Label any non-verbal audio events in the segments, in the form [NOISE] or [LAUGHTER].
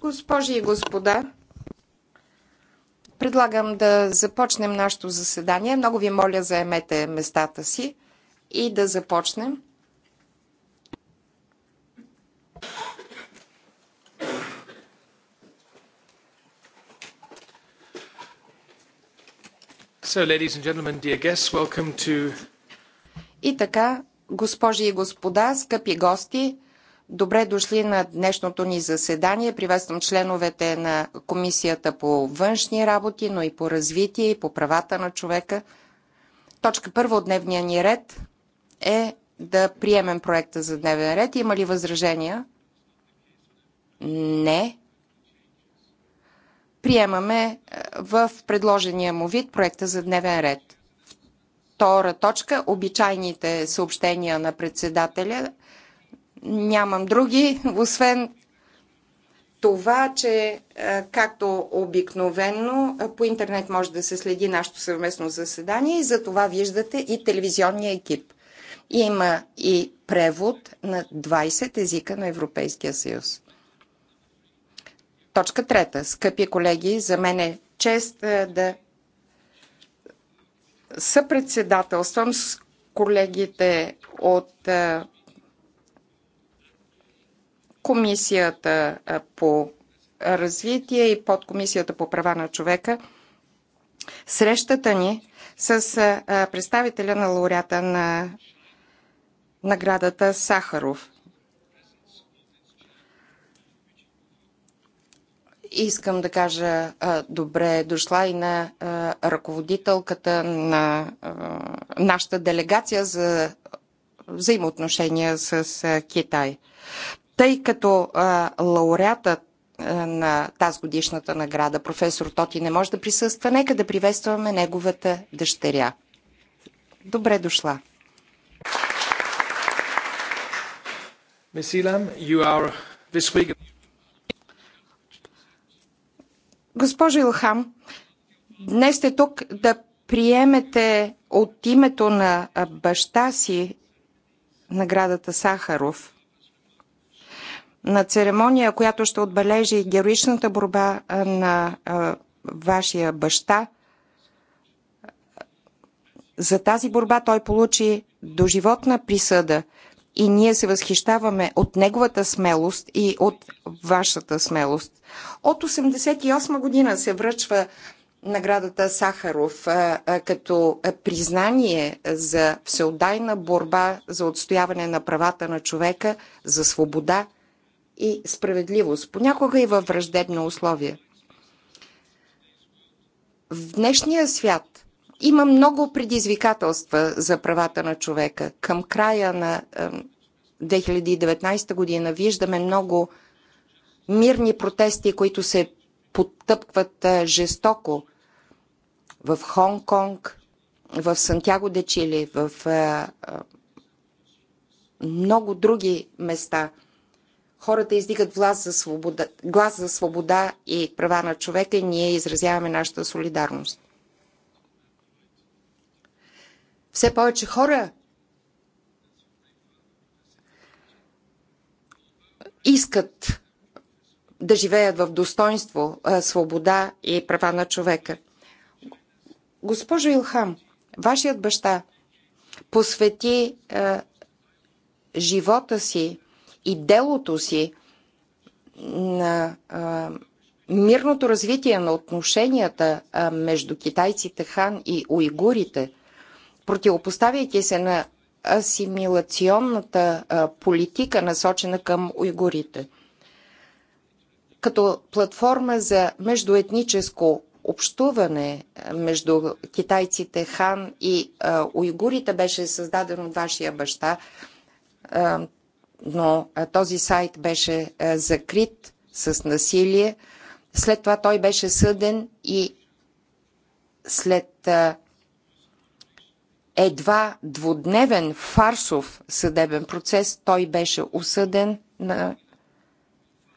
Госпожи и господа, предлагам да започнем нашето заседание. Много ви моля, заемете местата си и да започнем. So, ladies and gentlemen, dear guests, welcome to... И така, госпожи и господа, скъпи гости, Добре дошли на днешното ни заседание. Приветствам членовете на Комисията по външни работи, но и по развитие и по правата на човека. Точка първа от дневния ни ред е да приемем проекта за дневен ред. Има ли възражения? Не. Приемаме е, в предложения му вид проекта за дневен ред. Втора точка – обичайните съобщения на председателя. Нямам други, освен това, че е, както обикновено е, по интернет може да се следи нашето съвместно заседание и за това виждате и телевизионния екип. Има и превод на 20 езика на Европейския съюз. Точка трета. Скъпи колеги, за мен е чест е, да съпредседателствам с колегите от Комисията по развитие и подкомисията по права на човека. Срещата ни с представителя на лауреата на наградата Сахаров. Искам да кажа добре дошла и на ръководителката на нашата делегация за взаимоотношения с Китай. Тъй като а, а, на тази годишната награда, професор Тоти, не може да присъства, нека да приветстваме неговата дъщеря. Добре дошла! Госпожо Илхам, днес сте тук да приемете от името на баща си наградата Сахаров – на церемония, която ще отбележи героичната борба на вашия баща. За тази борба той получи доживотна присъда и ние се възхищаваме от неговата смелост и от вашата смелост. От 1988 година се връчва наградата Сахаров като признание за всеодайна борба за отстояване на правата на човека, за свобода – и справедливост, понякога и във враждебно условие. В днешния свят има много предизвикателства за правата на човека. Към края на 2019 година виждаме много мирни протести, които се подтъпкват е, жестоко в Хонг-Конг, в Сантяго де Чили, в е, е, много други места – хората издигат глас за свобода, глас за свобода и права на човека и ние изразяваме нашата солидарност. Все повече хора искат да живеят в достоинство, свобода и права на човека. Госпожо Илхам, вашият баща посвети е, живота си и делото си на а, мирното развитие на отношенията а, между китайците хан и уйгурите, противопоставяйки се на асимилационната а, политика, насочена към уйгурите. Като платформа за междуетническо общуване между китайците хан и а, уйгурите беше създаден от вашия баща. А, но този сайт беше закрит с насилие. След това той беше съден и след едва двудневен фарсов съдебен процес той беше осъден на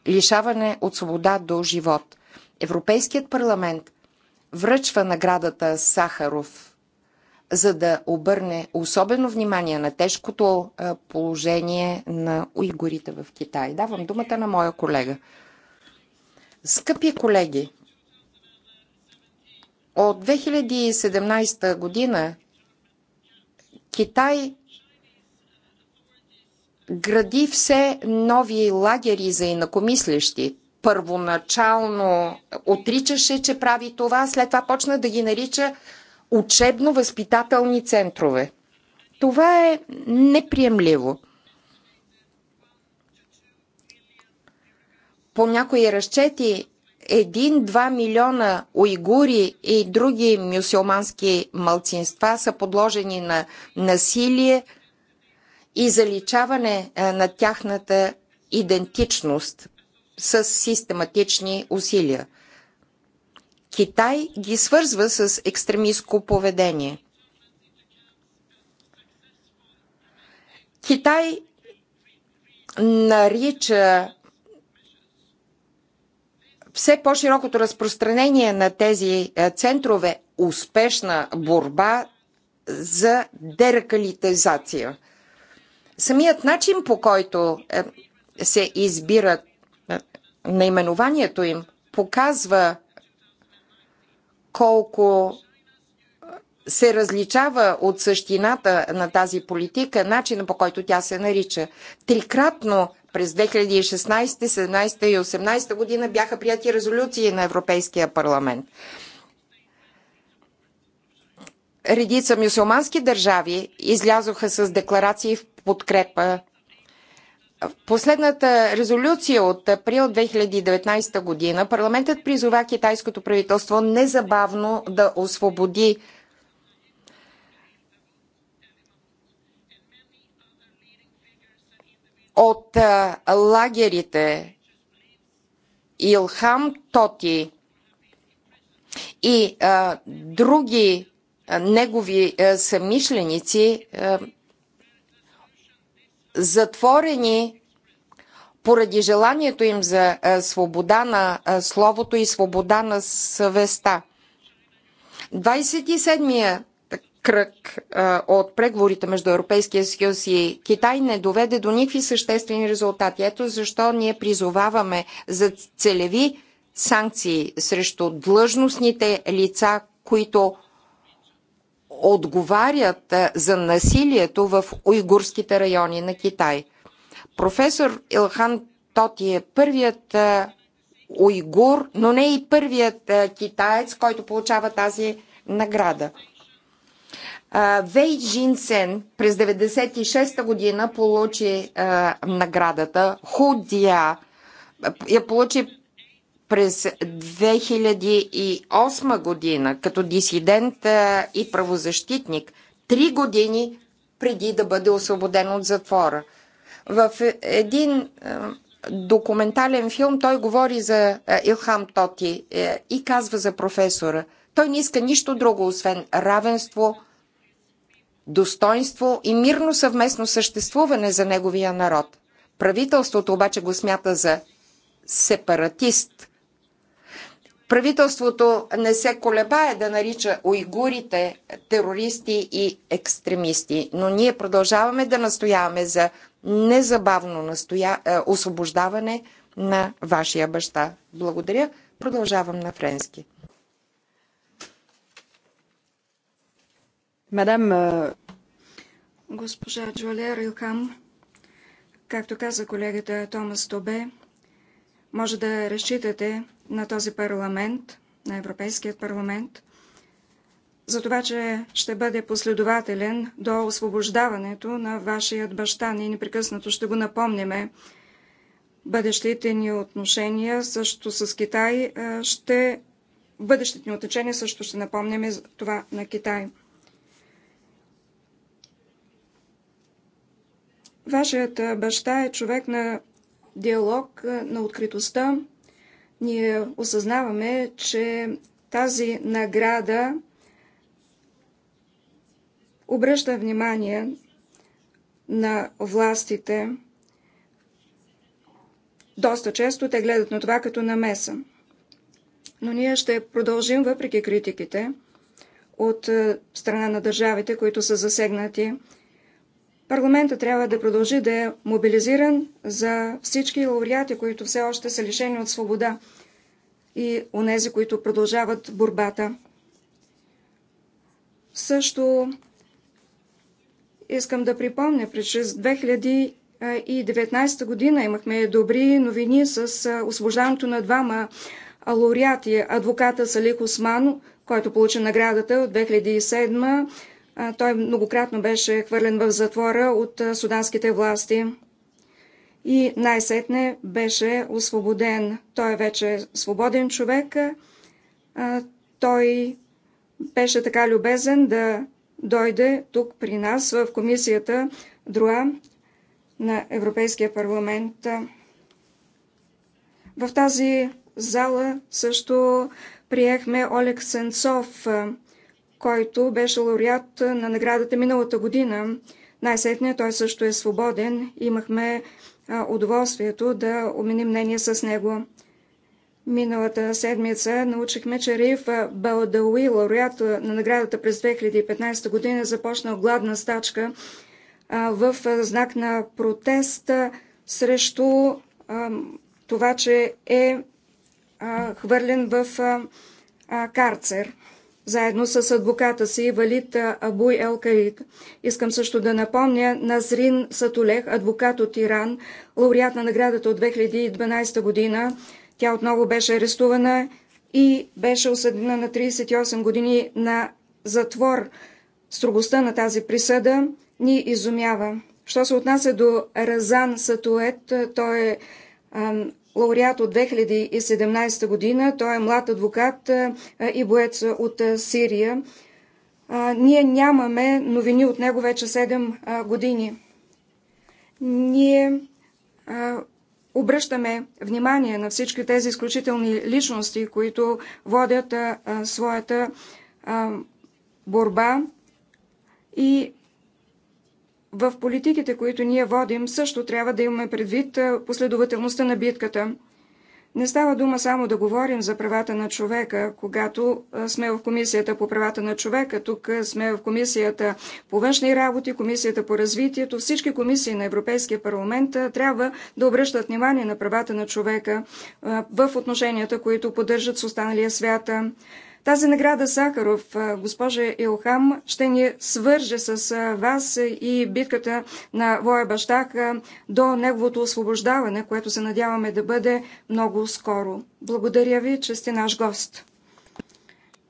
лишаване от свобода до живот. Европейският парламент връчва наградата Сахаров за да обърне особено внимание на тежкото положение на уйгурите в Китай. Давам думата на моя колега. Скъпи колеги, от 2017 година Китай гради все нови лагери за инакомислещи. Първоначално отричаше, че прави това, след това почна да ги нарича учебно-възпитателни центрове. Това е неприемливо. По някои разчети 1-2 милиона уйгури и други мюсюлмански мълцинства са подложени на насилие и заличаване е, на тяхната идентичност с систематични усилия. Китай ги свързва с екстремистско поведение. Китай нарича все по-широкото разпространение на тези е, центрове успешна борба за деракалитизация. Самият начин по който е, се избира е, наименованието им показва колко се различава от същината на тази политика, начина по който тя се нарича. Трикратно през 2016, 2017 и 2018 година бяха прияти резолюции на Европейския парламент. Редица мюсулмански държави излязоха с декларации в подкрепа последната резолюция от април 2019 година парламентът призова китайското правителство незабавно да освободи от лагерите Илхам Тоти и а, други а, негови а, съмишленици а, затворени поради желанието им за свобода на словото и свобода на съвестта. 27-я кръг от преговорите между Европейския съюз и Китай не доведе до никакви съществени резултати. Ето защо ние призоваваме за целеви санкции срещу длъжностните лица, които отговарят е, за насилието в уйгурските райони на Китай. Професор Илхан Тоти е първият е, уйгур, но не и първият е, китаец, който получава тази награда. Вей Джин Сен през 1996 година получи наградата. наградата. Худия я получи през 2008 година като дисидент и правозащитник, три години преди да бъде освободен от затвора. В един документален филм той говори за Илхам Тоти е, и казва за професора. Той не иска нищо друго, освен равенство, достоинство и мирно съвместно съществуване за неговия народ. Правителството обаче го смята за сепаратист Правителството не се колебае да нарича уйгурите терористи и екстремисти, но ние продължаваме да настояваме за незабавно настоя... Е, освобождаване на вашия баща. Благодаря. Продължавам на френски. Мадам... Е, Госпожа Джоле Илхам, както каза колегата Томас Тобе, може да разчитате на този парламент, на Европейският парламент, за това, че ще бъде последователен до освобождаването на вашият баща. Ние непрекъснато ще го напомняме. Бъдещите ни отношения също с Китай ще... Бъдещите ни отношения също ще напомняме това на Китай. Вашият баща е човек на диалог, на откритостта, ние осъзнаваме, че тази награда обръща внимание на властите. Доста често те гледат на това като намеса. Но ние ще продължим, въпреки критиките от е, страна на държавите, които са засегнати Парламентът трябва да продължи да е мобилизиран за всички лауреати, които все още са лишени от свобода и онези, които продължават борбата. Също искам да припомня, през 2019 година имахме добри новини с освобождаването на двама лауреати. Адвоката Салих Осман, който получи наградата от 2007 той многократно беше хвърлен в затвора от суданските власти и най-сетне беше освободен. Той е вече свободен човек. Той беше така любезен да дойде тук при нас в комисията ДРУА на Европейския парламент. В тази зала също приехме Олег Сенцов – който беше лауреат на наградата миналата година. Най-сетне той също е свободен. Имахме удоволствието да обменим мнение с него. Миналата седмица научихме, че Риф Балдауи, лауреат на наградата през 2015 година, е започнал гладна стачка в знак на протест срещу това, че е хвърлен в карцер заедно с адвоката си Валит Абуй Ел Искам също да напомня Назрин Сатулех, адвокат от Иран, лауреат на наградата от 2012 година. Тя отново беше арестувана и беше осъдена на 38 години на затвор. Строгостта на тази присъда ни изумява. Що се отнася до Разан Сатует, той е лауреат от 2017 година. Той е млад адвокат и боец от Сирия. Ние нямаме новини от него вече 7 години. Ние обръщаме внимание на всички тези изключителни личности, които водят своята борба и в политиките, които ние водим, също трябва да имаме предвид е, последователността на битката. Не става дума само да говорим за правата на човека, когато е, сме в Комисията по правата на човека, тук е, сме в Комисията по външни работи, Комисията по развитието. Всички комисии на Европейския парламент трябва да обръщат внимание на правата на човека в отношенията, които поддържат с останалия свят. Тази награда Сахаров, госпожа Илхам, ще ни свърже с вас и битката на Воя Бащак до неговото освобождаване, което се надяваме да бъде много скоро. Благодаря ви, че сте наш гост.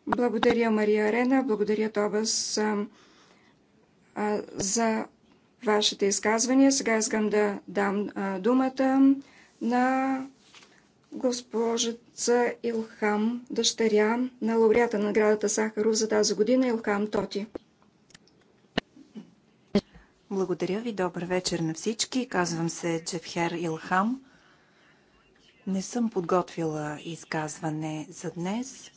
Благодаря Мария Арена, благодаря Тобас за вашите изказвания. Сега искам да дам думата на госпожица Илхам, дъщеря на лауреата на наградата Сахаров за тази година Илхам Тоти. Благодаря ви, добър вечер на всички. Казвам се Джефхер Илхам. Не съм подготвила изказване за днес.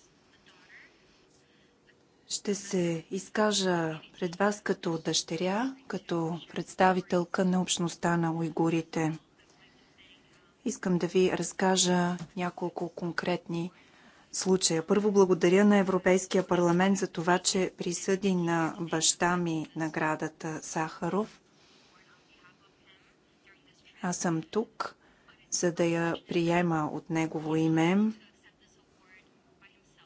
Ще се изкажа пред вас като дъщеря, като представителка на общността на уйгурите. Искам да ви разкажа няколко конкретни случая. Първо благодаря на Европейския парламент за това, че присъди на баща ми наградата Сахаров. Аз съм тук, за да я приема от негово име.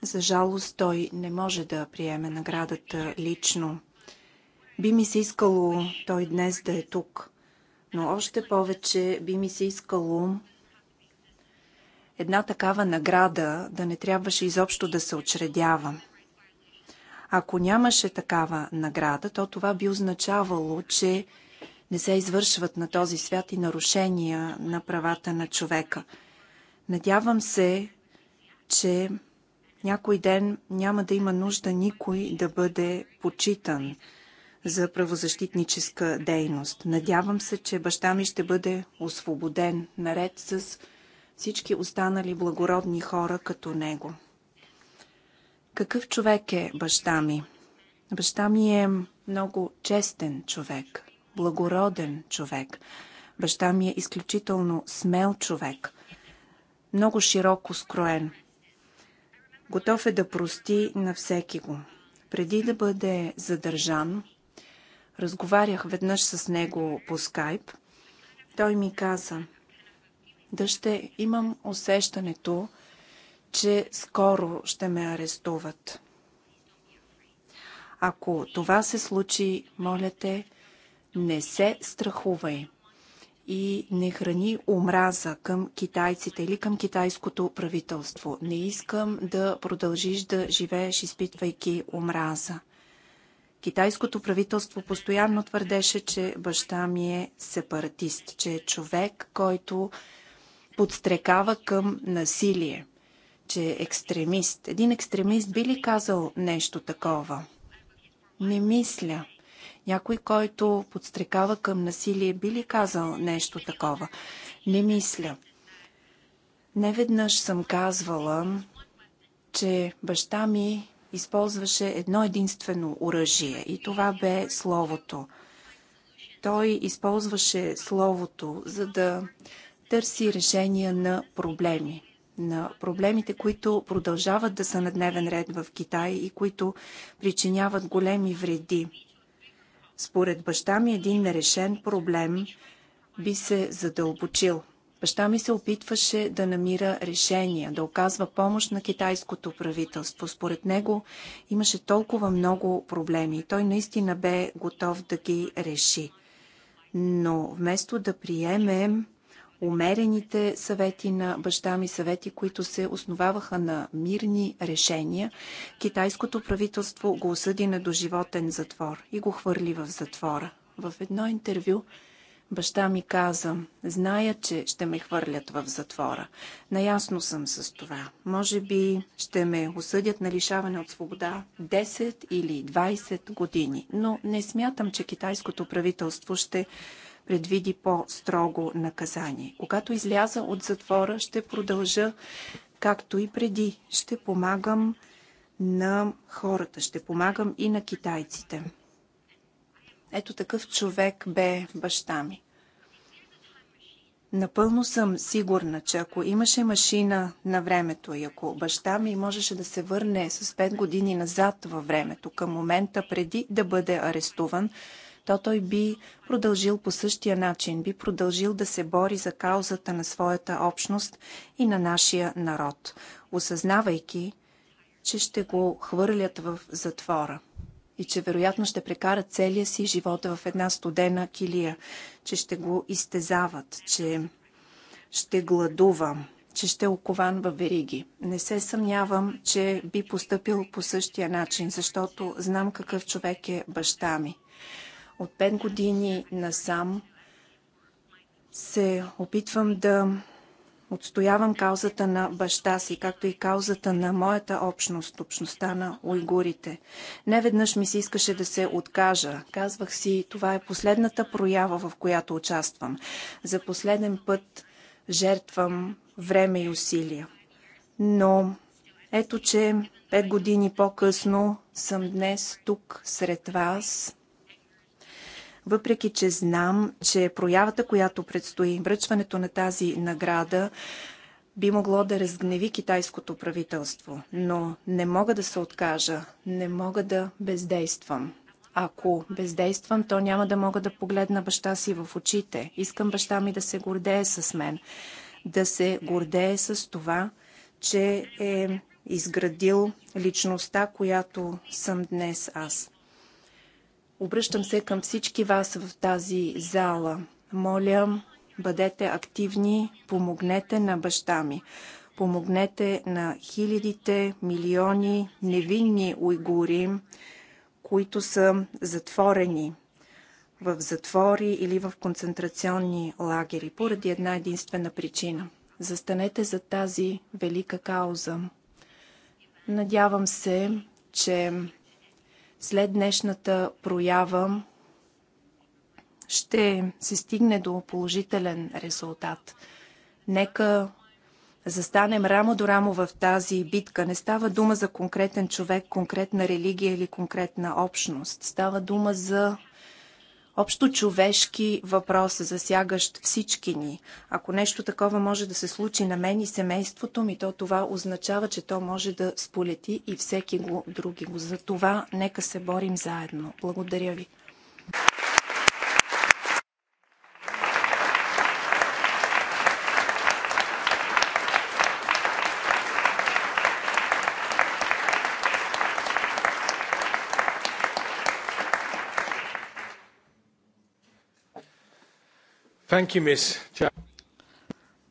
За жалост той не може да приеме наградата лично. Би ми се искало той днес да е тук, но още повече би ми се искало една такава награда да не трябваше изобщо да се очредява. Ако нямаше такава награда, то това би означавало, че не се извършват на този свят и нарушения на правата на човека. Надявам се, че някой ден няма да има нужда никой да бъде почитан за правозащитническа дейност. Надявам се, че баща ми ще бъде освободен наред с всички останали благородни хора като него. Какъв човек е баща ми? Баща ми е много честен човек, благороден човек. Баща ми е изключително смел човек, много широко скроен. Готов е да прости на всеки го. Преди да бъде задържан, разговарях веднъж с него по скайп. Той ми каза, да ще имам усещането, че скоро ще ме арестуват. Ако това се случи, моля те, не се страхувай и не храни омраза към китайците или към китайското правителство. Не искам да продължиш да живееш, изпитвайки омраза. Китайското правителство постоянно твърдеше, че баща ми е сепаратист, че е човек, който подстрекава към насилие, че е екстремист. Един екстремист би ли казал нещо такова? Не мисля. Някой, който подстрекава към насилие, би ли казал нещо такова? Не мисля. Неведнъж съм казвала, че баща ми използваше едно единствено оръжие и това бе словото. Той използваше словото, за да търси решения на проблеми. На проблемите, които продължават да са на дневен ред в Китай и които причиняват големи вреди. Според баща ми един нерешен проблем би се задълбочил. Баща ми се опитваше да намира решения, да оказва помощ на китайското правителство. Според него имаше толкова много проблеми. Той наистина бе готов да ги реши. Но вместо да приемем умерените съвети на баща ми, съвети, които се основаваха на мирни решения, китайското правителство го осъди на доживотен затвор и го хвърли в затвора. В едно интервю баща ми каза, зная, че ще ме хвърлят в затвора. Наясно съм с това. Може би ще ме осъдят на лишаване от свобода 10 или 20 години, но не смятам, че китайското правителство ще предвиди по-строго наказание. Когато изляза от затвора, ще продължа както и преди. Ще помагам на хората, ще помагам и на китайците. Ето такъв човек бе баща ми. Напълно съм сигурна, че ако имаше машина на времето и ако баща ми можеше да се върне с 5 години назад във времето, към момента преди да бъде арестуван, то той би продължил по същия начин, би продължил да се бори за каузата на своята общност и на нашия народ, осъзнавайки, че ще го хвърлят в затвора и че вероятно ще прекарат целия си живот в една студена килия, че ще го изтезават, че ще гладува, че ще е окован във вериги. Не се съмнявам, че би поступил по същия начин, защото знам какъв човек е баща ми. От 5 години насам се опитвам да отстоявам каузата на баща си, както и каузата на моята общност, общността на уйгурите. Не веднъж ми се искаше да се откажа. Казвах си, това е последната проява, в която участвам. За последен път жертвам време и усилия. Но ето, че пет години по-късно съм днес тук сред вас, въпреки че знам, че проявата, която предстои, връчването на тази награда, би могло да разгневи китайското правителство, но не мога да се откажа, не мога да бездействам. Ако бездействам, то няма да мога да погледна баща си в очите. Искам баща ми да се гордее с мен, да се гордее с това, че е изградил личността, която съм днес аз. Обръщам се към всички вас в тази зала. Моля, бъдете активни, помогнете на баща ми. Помогнете на хилядите, милиони невинни уйгури, които са затворени в затвори или в концентрационни лагери поради една единствена причина. Застанете за тази велика кауза. Надявам се, че след днешната проява ще се стигне до положителен резултат. Нека застанем рамо до рамо в тази битка. Не става дума за конкретен човек, конкретна религия или конкретна общност. Става дума за общо човешки въпрос, засягащ всички ни. Ако нещо такова може да се случи на мен и семейството ми, то това означава, че то може да сполети и всеки го други За това нека се борим заедно. Благодаря ви.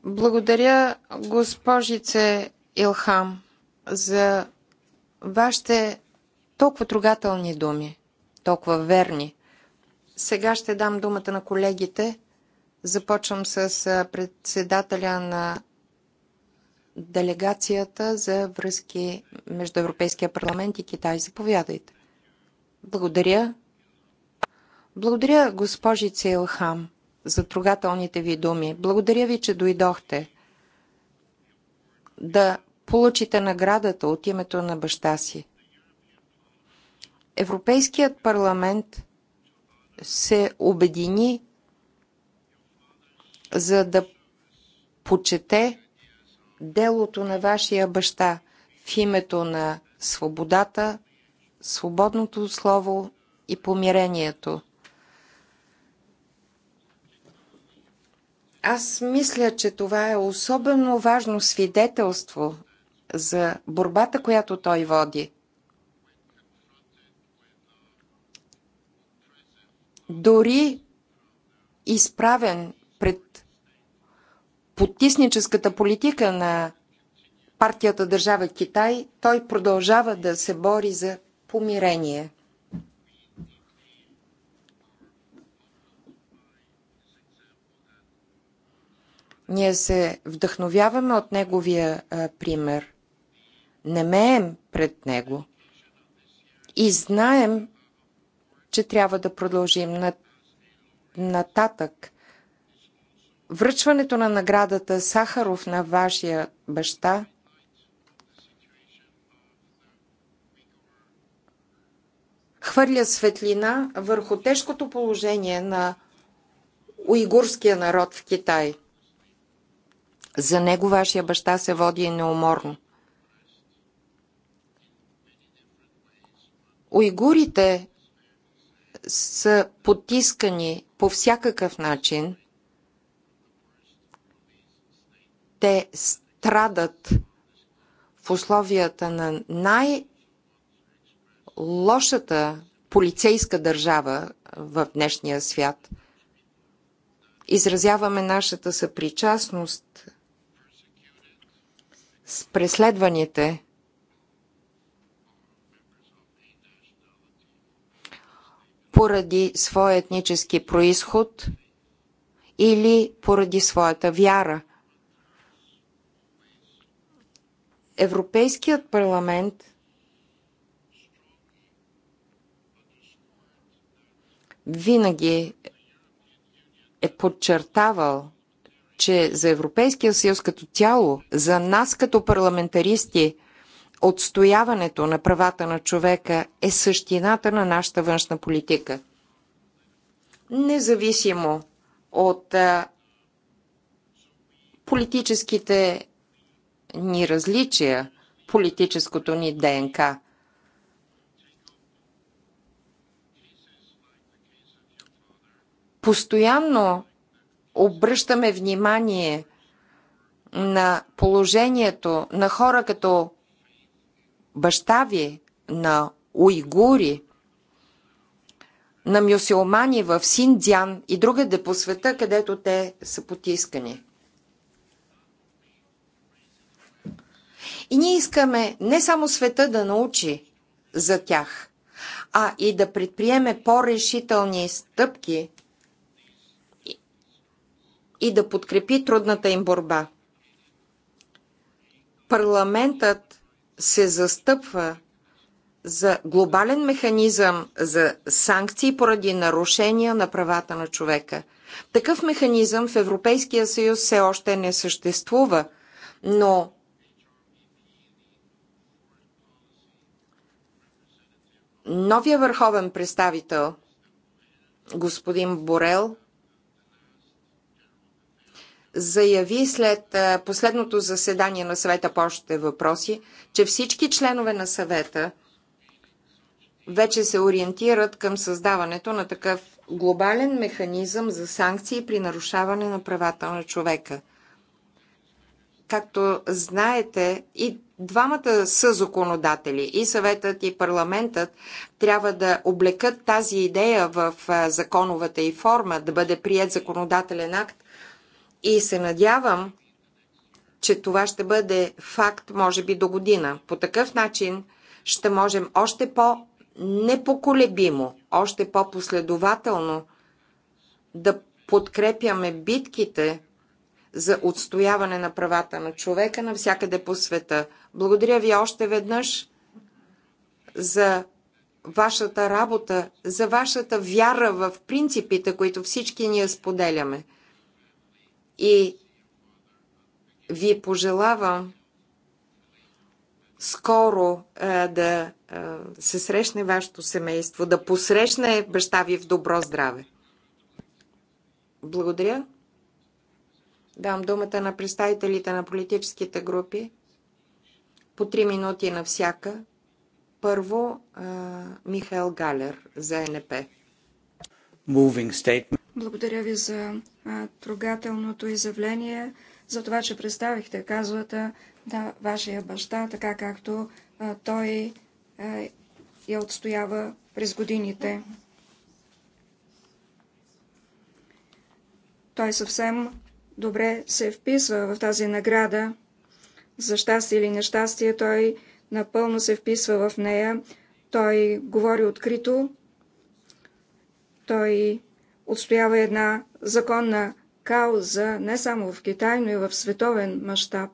Благодаря, госпожице Илхам, за вашите толкова трогателни думи, толкова верни. Сега ще дам думата на колегите. Започвам с председателя на делегацията за връзки между Европейския парламент и Китай. Заповядайте. Благодаря. Благодаря, госпожице Илхам за трогателните ви думи. Благодаря ви, че дойдохте да получите наградата от името на баща си. Европейският парламент се обедини за да почете делото на вашия баща в името на свободата, свободното слово и помирението. Аз мисля, че това е особено важно свидетелство за борбата, която той води. Дори изправен пред потисническата политика на партията Държава Китай, той продължава да се бори за помирение. Ние се вдъхновяваме от неговия а, пример, немеем пред него и знаем, че трябва да продължим нататък. Връчването на наградата Сахаров на вашия баща хвърля светлина върху тежкото положение на уйгурския народ в Китай – за него вашия баща се води неуморно. Уйгурите са потискани по всякакъв начин. Те страдат в условията на най-лошата полицейска държава в днешния свят. Изразяваме нашата съпричастност с преследваните поради своя етнически происход или поради своята вяра. Европейският парламент винаги е подчертавал че за Европейския съюз като цяло, за нас като парламентаристи, отстояването на правата на човека е същината на нашата външна политика. Независимо от политическите ни различия, политическото ни ДНК. Постоянно обръщаме внимание на положението на хора като баща ви, на уйгури, на мюсюлмани в Синдзян и другаде по света, където те са потискани. И ние искаме не само света да научи за тях, а и да предприеме по-решителни стъпки и да подкрепи трудната им борба. Парламентът се застъпва за глобален механизъм за санкции поради нарушения на правата на човека. Такъв механизъм в Европейския съюз все още не съществува, но новия върховен представител, господин Борел, заяви след последното заседание на съвета по общите въпроси, че всички членове на съвета вече се ориентират към създаването на такъв глобален механизъм за санкции при нарушаване на правата на човека. Както знаете, и двамата са законодатели и съветът, и парламентът, трябва да облекат тази идея в законовата и форма, да бъде прият законодателен акт, и се надявам, че това ще бъде факт, може би, до година. По такъв начин ще можем още по-непоколебимо, още по-последователно да подкрепяме битките за отстояване на правата на човека навсякъде по света. Благодаря ви още веднъж за вашата работа, за вашата вяра в принципите, които всички ние споделяме и ви пожелавам скоро а, е, да а, е, се срещне вашето семейство, да посрещне баща ви в добро здраве. Благодаря. Дам думата на представителите на политическите групи. По три минути на всяка. Първо, а, е, Михаил Галер за НП. Moving statement. Благодаря ви за трогателното изявление, за това, че представихте казвата на вашия баща, така както той я отстоява през годините. Той съвсем добре се вписва в тази награда. За щастие или нещастие той напълно се вписва в нея. Той говори открито. Той отстоява една законна кауза не само в Китай, но и в световен мащаб.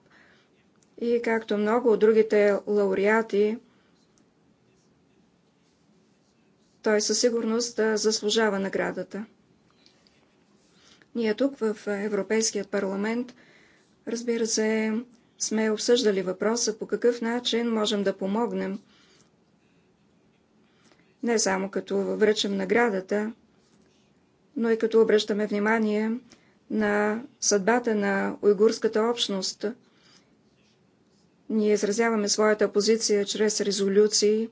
И както много от другите лауреати, той със сигурност да заслужава наградата. Ние тук в Европейският парламент, разбира се, сме обсъждали въпроса по какъв начин можем да помогнем. Не само като връчам наградата, но и като обръщаме внимание на съдбата на уйгурската общност. Ние изразяваме своята позиция чрез резолюции.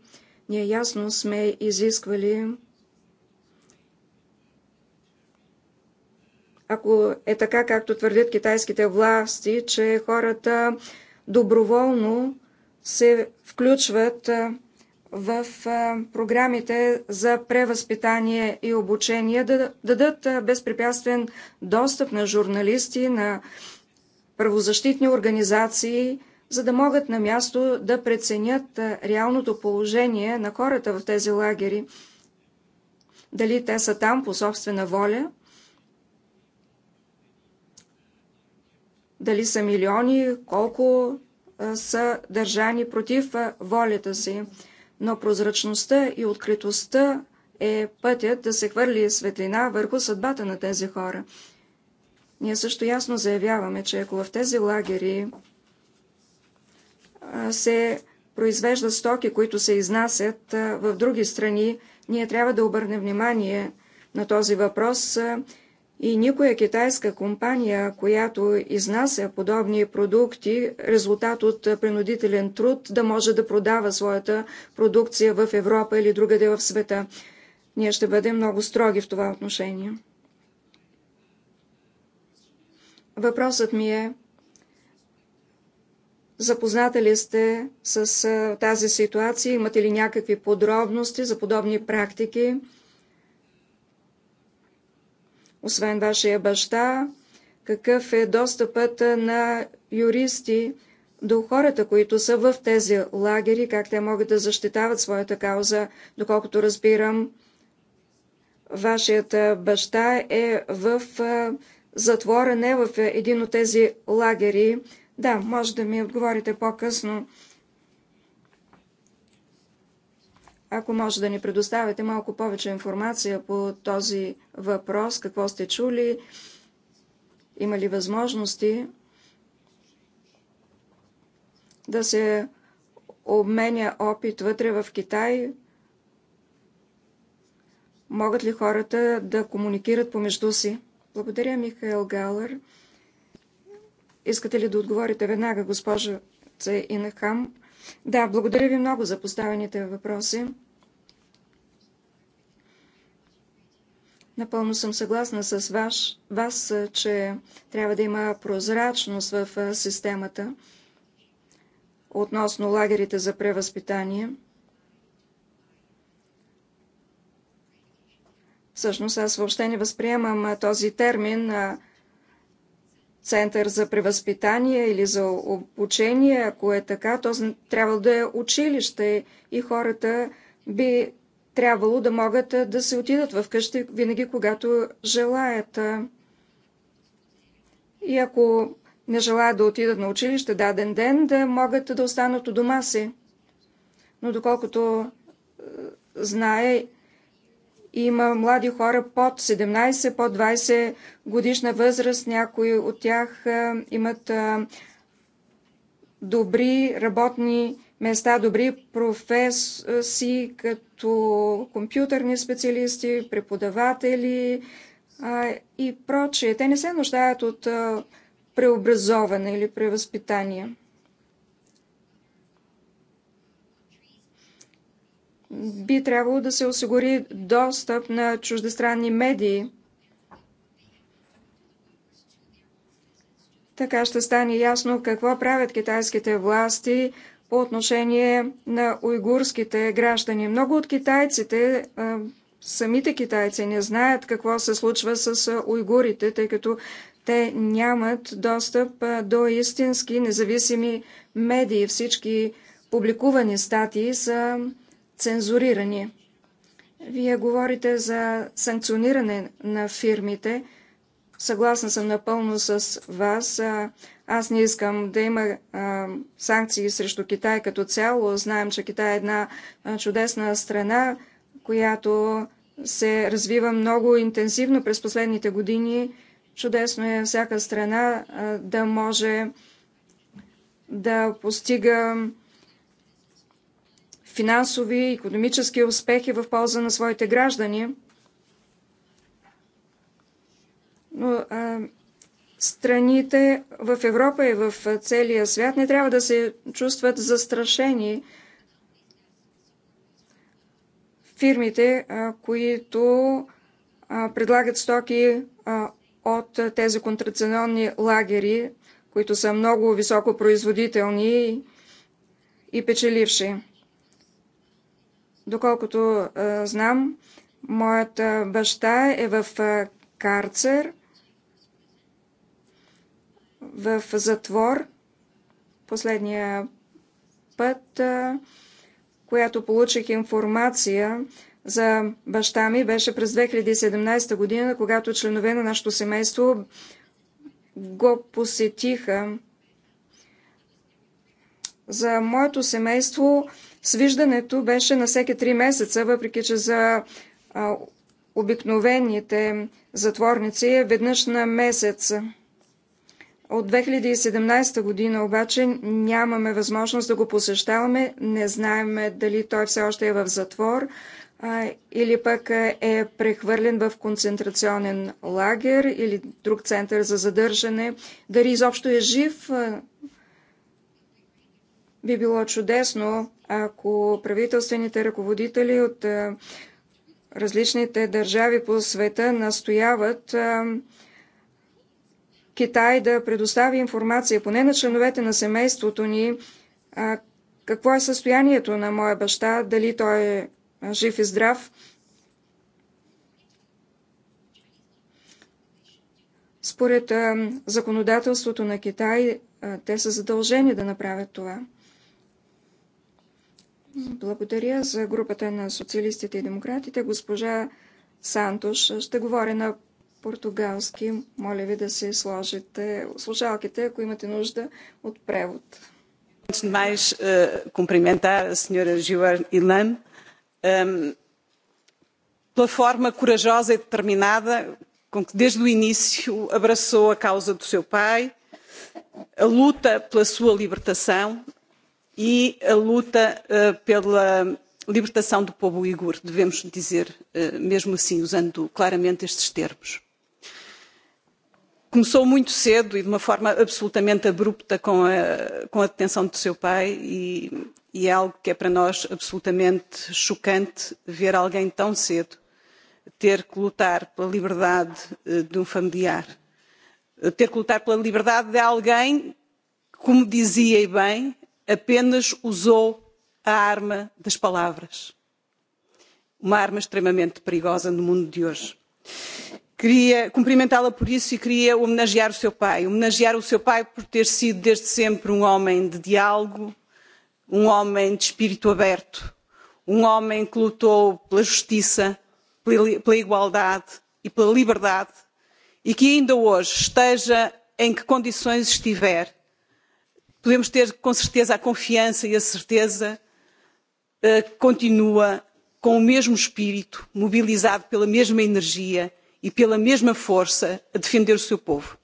Ние ясно сме изисквали, ако е така, както твърдят китайските власти, че хората доброволно се включват в програмите за превъзпитание и обучение да дадат безпрепятствен достъп на журналисти, на правозащитни организации, за да могат на място да преценят реалното положение на хората в тези лагери. Дали те са там по собствена воля, дали са милиони, колко са държани против волята си но прозрачността и откритостта е пътят да се хвърли светлина върху съдбата на тези хора. Ние също ясно заявяваме, че ако в тези лагери се произвеждат стоки, които се изнасят в други страни, ние трябва да обърнем внимание на този въпрос и никоя китайска компания, която изнася подобни продукти, резултат от принудителен труд, да може да продава своята продукция в Европа или другаде в света. Ние ще бъдем много строги в това отношение. Въпросът ми е, запозната ли сте с тази ситуация, имате ли някакви подробности за подобни практики? освен вашия баща, какъв е достъпът на юристи до хората, които са в тези лагери, как те могат да защитават своята кауза. Доколкото разбирам, вашият баща е в затвора, не в един от тези лагери. Да, може да ми отговорите по-късно Ако може да ни предоставите малко повече информация по този въпрос, какво сте чули, има ли възможности да се обменя опит вътре в Китай, могат ли хората да комуникират помежду си? Благодаря, Михаил Галър. Искате ли да отговорите веднага, госпожо Цейнахам? Да, благодаря ви много за поставените въпроси. Напълно съм съгласна с ваш, вас, че трябва да има прозрачност в системата относно лагерите за превъзпитание. Всъщност аз въобще не възприемам този термин на център за превъзпитание или за обучение. Ако е така, то трябва да е училище и хората би трябвало да могат да се отидат в къща винаги, когато желаят. И ако не желаят да отидат на училище даден ден, да могат да останат у дома си. Но доколкото знае, има млади хора под 17, под 20 годишна възраст. Някои от тях имат добри работни места, добри професии, като компютърни специалисти, преподаватели а, и прочие. Те не се нуждаят от а, преобразоване или превъзпитание. Би трябвало да се осигури достъп на чуждестранни медии. Така ще стане ясно какво правят китайските власти по отношение на уйгурските граждани. Много от китайците, самите китайци не знаят какво се случва с уйгурите, тъй като те нямат достъп до истински независими медии. Всички публикувани статии са цензурирани. Вие говорите за санкциониране на фирмите. Съгласна съм напълно с вас. Аз не искам да има а, санкции срещу Китай като цяло. Знаем, че Китай е една чудесна страна, която се развива много интенсивно през последните години. Чудесно е всяка страна а, да може да постига финансови и економически успехи в полза на своите граждани. но а, страните в Европа и в целия свят не трябва да се чувстват застрашени. Фирмите, а, които а, предлагат стоки а, от тези контрационни лагери, които са много високопроизводителни и печеливши. Доколкото а, знам, моята баща е в а, карцер – в затвор последния път, която получих информация за баща ми, беше през 2017 година, когато членове на нашето семейство го посетиха. За моето семейство свиждането беше на всеки три месеца, въпреки че за обикновените затворници е веднъж на месец. От 2017 година обаче нямаме възможност да го посещаваме, не знаем дали той все още е в затвор а, или пък е прехвърлен в концентрационен лагер или друг център за задържане. Дали изобщо е жив, би било чудесно, ако правителствените ръководители от различните държави по света настояват Китай да предостави информация поне на членовете на семейството ни а, какво е състоянието на моя баща, дали той е жив и здрав. Според а, законодателството на Китай, а, те са задължени да направят това. Благодаря за групата на социалистите и демократите. Госпожа Сантош ще говори на португалски. Моля ви да си сложите слушалките, ако имате нужда от превод. Antes de mais, cumprimentar a senhora Gilard Ilan pela forma corajosa e determinada com que desde o início abraçou a causa do seu pai, a luta pela sua libertação e a luta pela libertação do povo uigur, devemos dizer mesmo assim, usando claramente estes termos começou muito cedo e de uma forma absolutamente abrupta com a, com a detenção do seu pai e, e é algo que é para nós absolutamente chocante ver alguém tão cedo ter que lutar pela liberdade de um familiar. Ter que lutar pela liberdade de alguém, que, como dizia e bem, apenas usou a arma das palavras. Uma arma extremamente perigosa no mundo de hoje. Queria cumprimentá-la por isso e queria homenagear o seu pai. Homenagear o seu pai por ter sido desde sempre um homem de diálogo, um homem de espírito aberto, um homem que lutou pela justiça, pela igualdade e pela liberdade e que ainda hoje, esteja em que condições estiver, podemos ter com certeza a confiança e a certeza que continua com o mesmo espírito, mobilizado pela mesma energia e pela mesma força a defender o seu povo.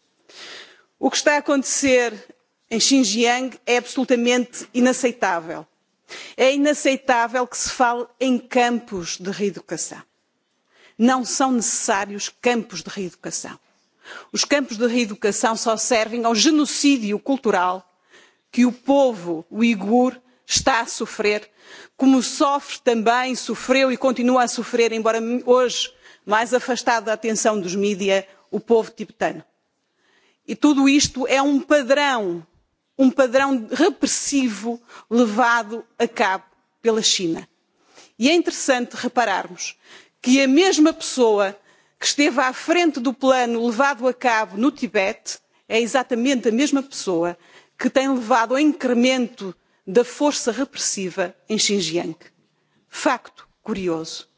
O que está a acontecer em Xinjiang é absolutamente inaceitável. É inaceitável que se fale em campos de reeducação. Não são necessários campos de reeducação. Os campos de reeducação só servem ao genocídio cultural que o povo uigur está a sofrer, como sofre também, sofreu e continua a sofrer, embora hoje mais afastado da atenção dos mídias o povo tibetano. E tudo isto é um padrão, um padrão repressivo levado a cabo pela China. E é interessante repararmos que a mesma pessoa que esteve à frente do plano levado a cabo no Tibete é exatamente a mesma pessoa que tem levado ao incremento da força repressiva em Xinjiang. Facto curioso.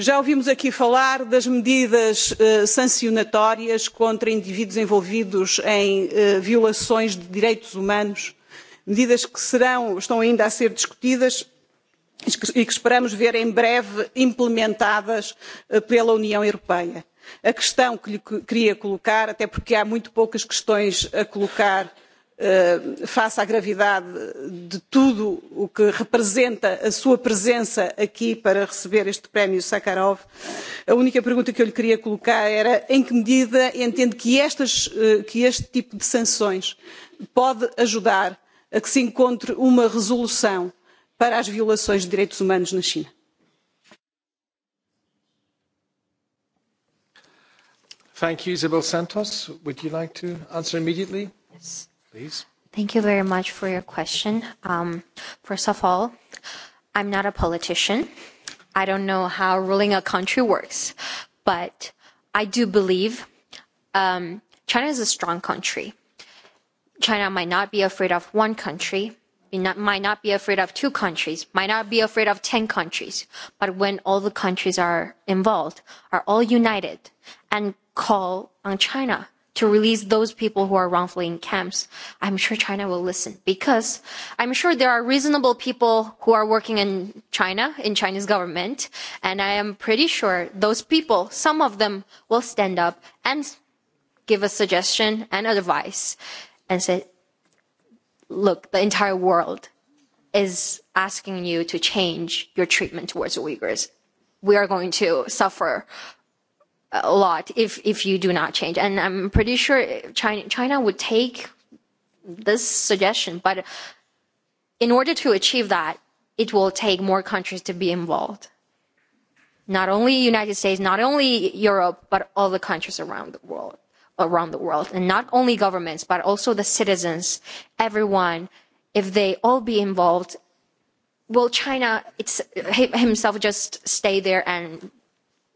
Já ouvimos aqui falar das medidas sancionatórias contra indivíduos envolvidos em violações de direitos humanos, medidas que serão, estão ainda a ser discutidas e que esperamos ver em breve implementadas pela União Europeia. A questão que lhe queria colocar, até porque há muito poucas questões a colocar face à gravidade de tudo o que representa a sua presença aqui para receber este prémio Sakharov, a única pergunta que eu lhe queria colocar era em que medida entende que, estas, que este tipo de sanções pode ajudar a que se encontre uma resolução para as violações de direitos humanos na China? Thank you, Isabel Santos. Would you like to answer immediately? Yes please. Thank you very much for your question. Um, first of all, I'm not a politician. I don't know how ruling a country works, but I do believe um, China is a strong country. China might not be afraid of one country, might not be afraid of two countries, might not be afraid of 10 countries, but when all the countries are involved, are all united and call on China to release those people who are wrongfully in camps, I'm sure China will listen because I'm sure there are reasonable people who are working in China, in Chinese government. And I am pretty sure those people, some of them will stand up and give a suggestion and advice and say, look, the entire world is asking you to change your treatment towards Uyghurs. We are going to suffer a lot if if you do not change. And I'm pretty sure China China would take this suggestion, but in order to achieve that, it will take more countries to be involved. Not only United States, not only Europe, but all the countries around the world, around the world, and not only governments, but also the citizens, everyone. If they all be involved, will China it's, himself just stay there and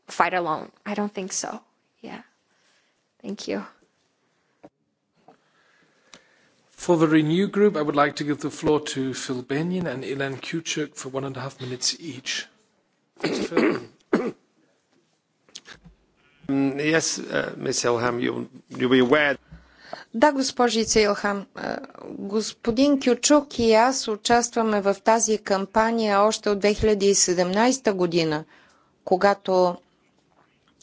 fight alone. I don't think so. Yeah. Thank you. For the Renew Group, I would like to give the floor to Phil Benyon and Ilan Kuchuk for one and a half minutes each. Yes, uh, Ms. Elham, you, you'll be aware. Да, госпожица Илхам, господин Кючук и аз участваме в тази кампания още от 2017 година, когато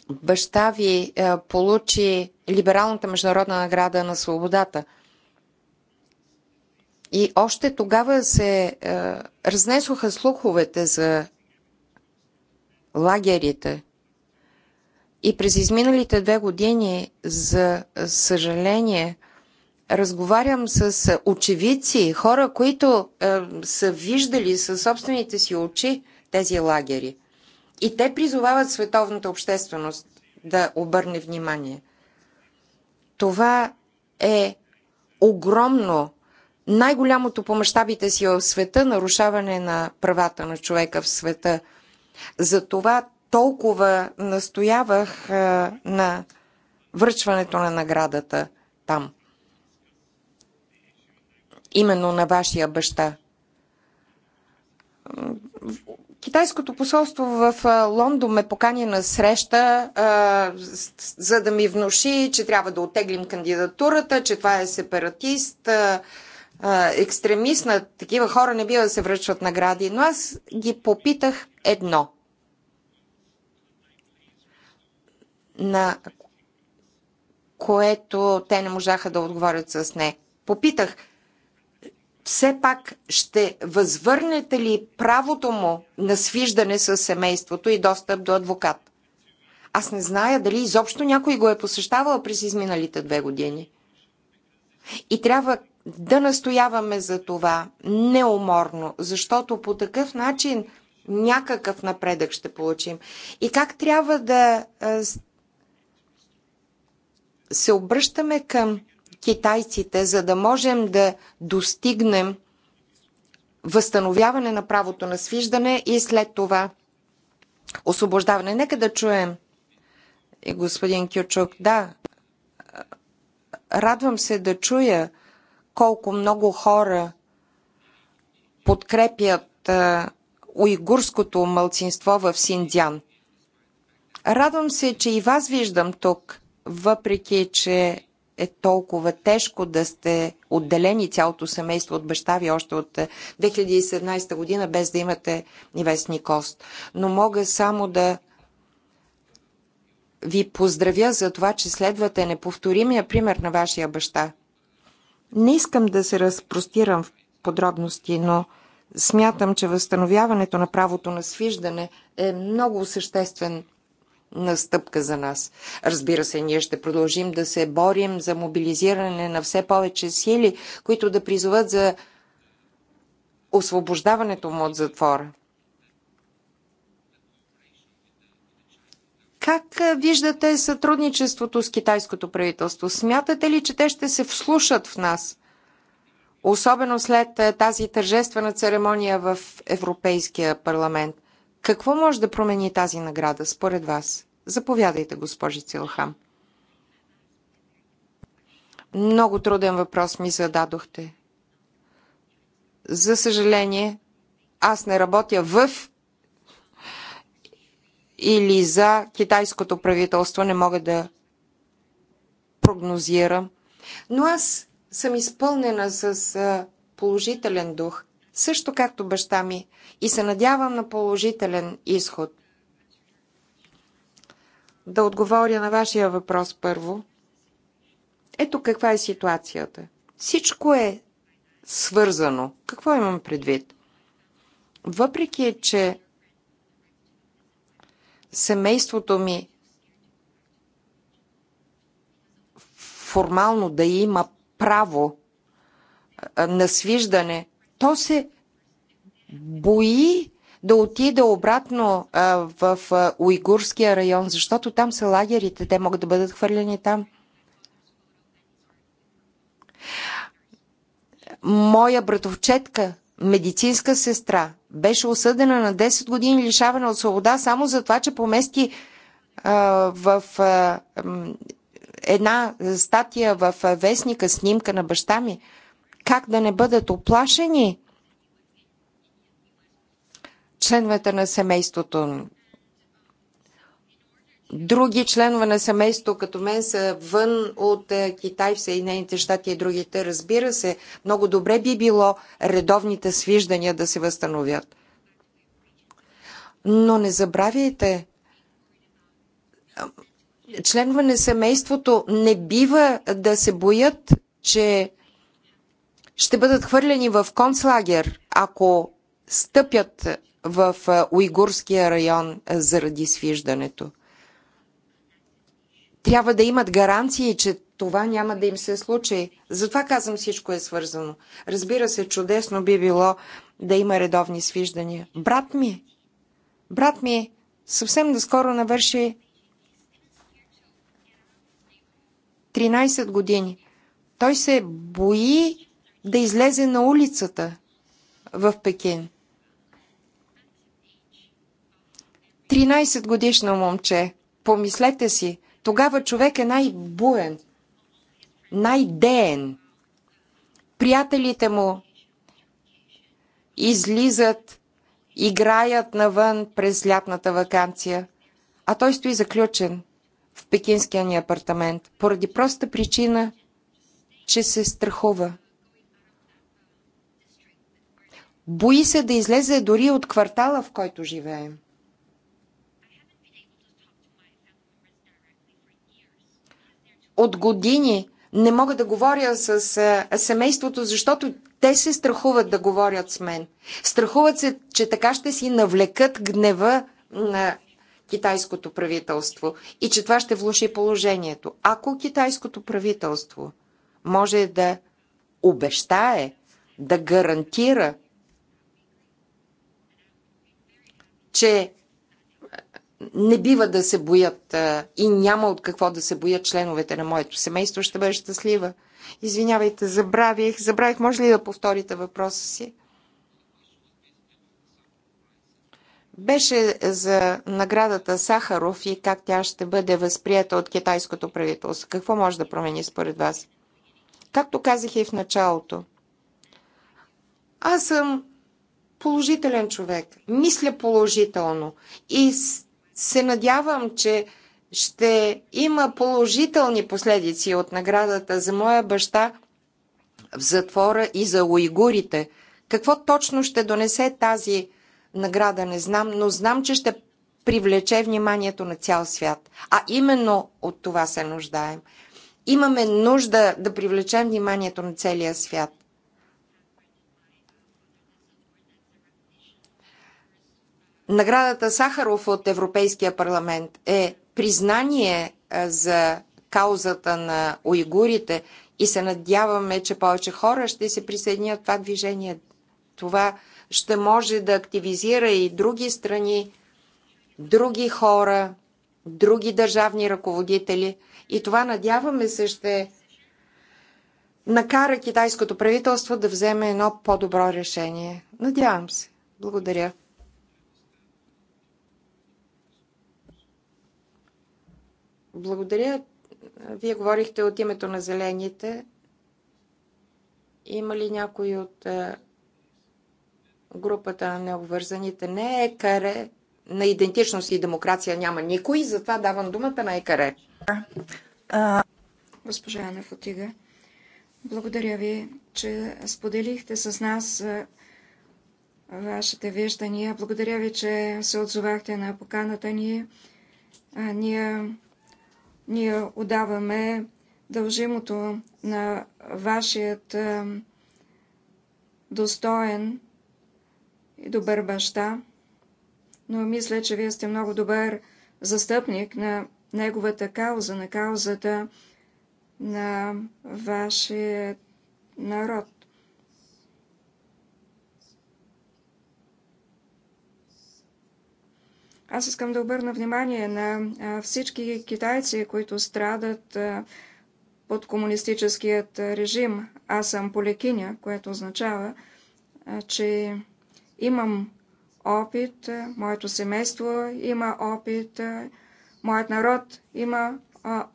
Баща ви е, получи Либералната международна награда на свободата. И още тогава се е, разнесоха слуховете за лагерите. И през изминалите две години, за съжаление, разговарям с очевидци, хора, които е, са виждали със собствените си очи тези лагери – и те призовават световната общественост да обърне внимание. Това е огромно, най-голямото по мащабите си в света нарушаване на правата на човека в света. Затова толкова настоявах на връчването на наградата там. Именно на вашия баща. Китайското посолство в Лондон ме покани на среща, за да ми внуши, че трябва да отеглим кандидатурата, че това е сепаратист, екстремист, на такива хора не бива да се връчват награди. Но аз ги попитах едно. На което те не можаха да отговорят с не. Попитах – все пак ще възвърнете ли правото му на свиждане с семейството и достъп до адвокат? Аз не зная дали изобщо някой го е посещавал през изминалите две години. И трябва да настояваме за това неуморно, защото по такъв начин някакъв напредък ще получим. И как трябва да се обръщаме към китайците, за да можем да достигнем възстановяване на правото на свиждане и след това освобождаване. Нека да чуем и господин Кючук. Да, радвам се да чуя колко много хора подкрепят уйгурското мълцинство в Синдзян. Радвам се, че и вас виждам тук, въпреки че е толкова тежко да сте отделени цялото семейство от баща ви още от 2017 е, година, без да имате невестни кост. Но мога само да ви поздравя за това, че следвате неповторимия пример на вашия баща. Не искам да се разпростирам в подробности, но смятам, че възстановяването на правото на свиждане е много съществен Настъпка за нас. Разбира се, ние ще продължим да се борим за мобилизиране на все повече сили, които да призоват за освобождаването му от затвора. Как виждате сътрудничеството с китайското правителство? Смятате ли, че те ще се вслушат в нас? Особено след тази тържествена церемония в Европейския парламент – какво може да промени тази награда според вас? Заповядайте, госпожи Цилхам. Много труден въпрос ми зададохте. За съжаление, аз не работя в или за китайското правителство, не мога да прогнозирам. Но аз съм изпълнена с положителен дух също както баща ми, и се надявам на положителен изход. Да отговоря на вашия въпрос първо. Ето каква е ситуацията. Всичко е свързано. Какво имам предвид? Въпреки, че семейството ми формално да има право на свиждане то се бои да отида обратно в уйгурския район, защото там са лагерите, те могат да бъдат хвърлени там. Моя братовчетка, медицинска сестра, беше осъдена на 10 години лишавана от свобода само за това, че помести в една статия в вестника снимка на баща ми – как да не бъдат оплашени членовете на семейството? Други членове на семейството като мен са вън от е, Китай, в Съединените щати и другите. Разбира се, много добре би било редовните свиждания да се възстановят. Но не забравяйте, членове на семейството не бива да се боят, че ще бъдат хвърлени в концлагер, ако стъпят в уйгурския район заради свиждането. Трябва да имат гаранции, че това няма да им се случи. Затова казвам всичко е свързано. Разбира се, чудесно би било да има редовни свиждания. Брат ми, брат ми съвсем наскоро навърши 13 години. Той се бои да излезе на улицата в Пекин. 13 годишно момче, помислете си, тогава човек е най-буен, най-деен. Приятелите му излизат, играят навън през лятната вакансия, а той стои заключен в пекинския ни апартамент, поради проста причина, че се страхува – Бои се да излезе дори от квартала, в който живеем. От години не мога да говоря с е, семейството, защото те се страхуват да говорят с мен. Страхуват се, че така ще си навлекат гнева на китайското правителство и че това ще влуши положението. Ако китайското правителство може да обещае, да гарантира че е, не бива да се боят е, и няма от какво да се боят членовете на моето семейство, ще бъде щастлива. Извинявайте, забравих. Забравих, може ли да повторите въпроса си? Беше за наградата Сахаров и как тя ще бъде възприята от китайското правителство. Какво може да промени според вас? Както казах и в началото, аз съм положителен човек. Мисля положително. И се надявам, че ще има положителни последици от наградата за моя баща в затвора и за уйгурите. Какво точно ще донесе тази награда, не знам, но знам, че ще привлече вниманието на цял свят. А именно от това се нуждаем. Имаме нужда да привлечем вниманието на целия свят. Наградата Сахаров от Европейския парламент е признание е, за каузата на уйгурите и се надяваме, че повече хора ще се присъединят това движение. Това ще може да активизира и други страни, други хора, други държавни ръководители. И това, надяваме се, ще накара китайското правителство да вземе едно по-добро решение. Надявам се. Благодаря. Благодаря. Вие говорихте от името на зелените. Има ли някой от е, групата на необвързаните? Не, Екаре. На идентичност и демокрация няма никой, затова давам думата на Екаре. Госпожа Ана Фотига, благодаря ви, че споделихте с нас е, вашите виждания. Благодаря ви, че се отзовахте на поканата ни. ние ние отдаваме дължимото на вашият е, достоен и добър баща, но мисля, че вие сте много добър застъпник на неговата кауза, на каузата на вашия народ. Аз искам да обърна внимание на всички китайци, които страдат под комунистическият режим. Аз съм полекиня, което означава, че имам опит, моето семейство има опит, моят народ има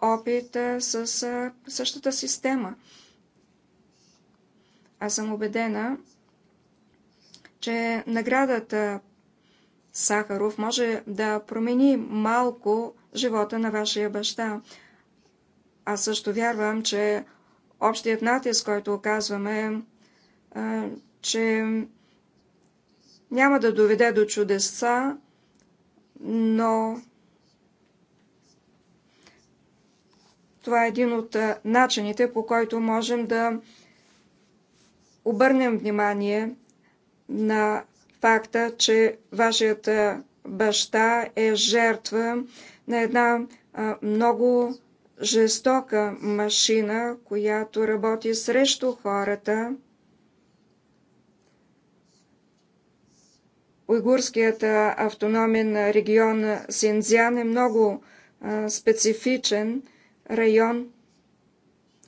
опит с същата система. Аз съм убедена, че наградата Сахаров може да промени малко живота на вашия баща. Аз също вярвам, че общият натиск, който оказваме, че няма да доведе до чудеса, но това е един от начините, по който можем да обърнем внимание на факта, че вашият баща е жертва на една много жестока машина, която работи срещу хората. Уйгурският автономен регион Синдзян е много специфичен район,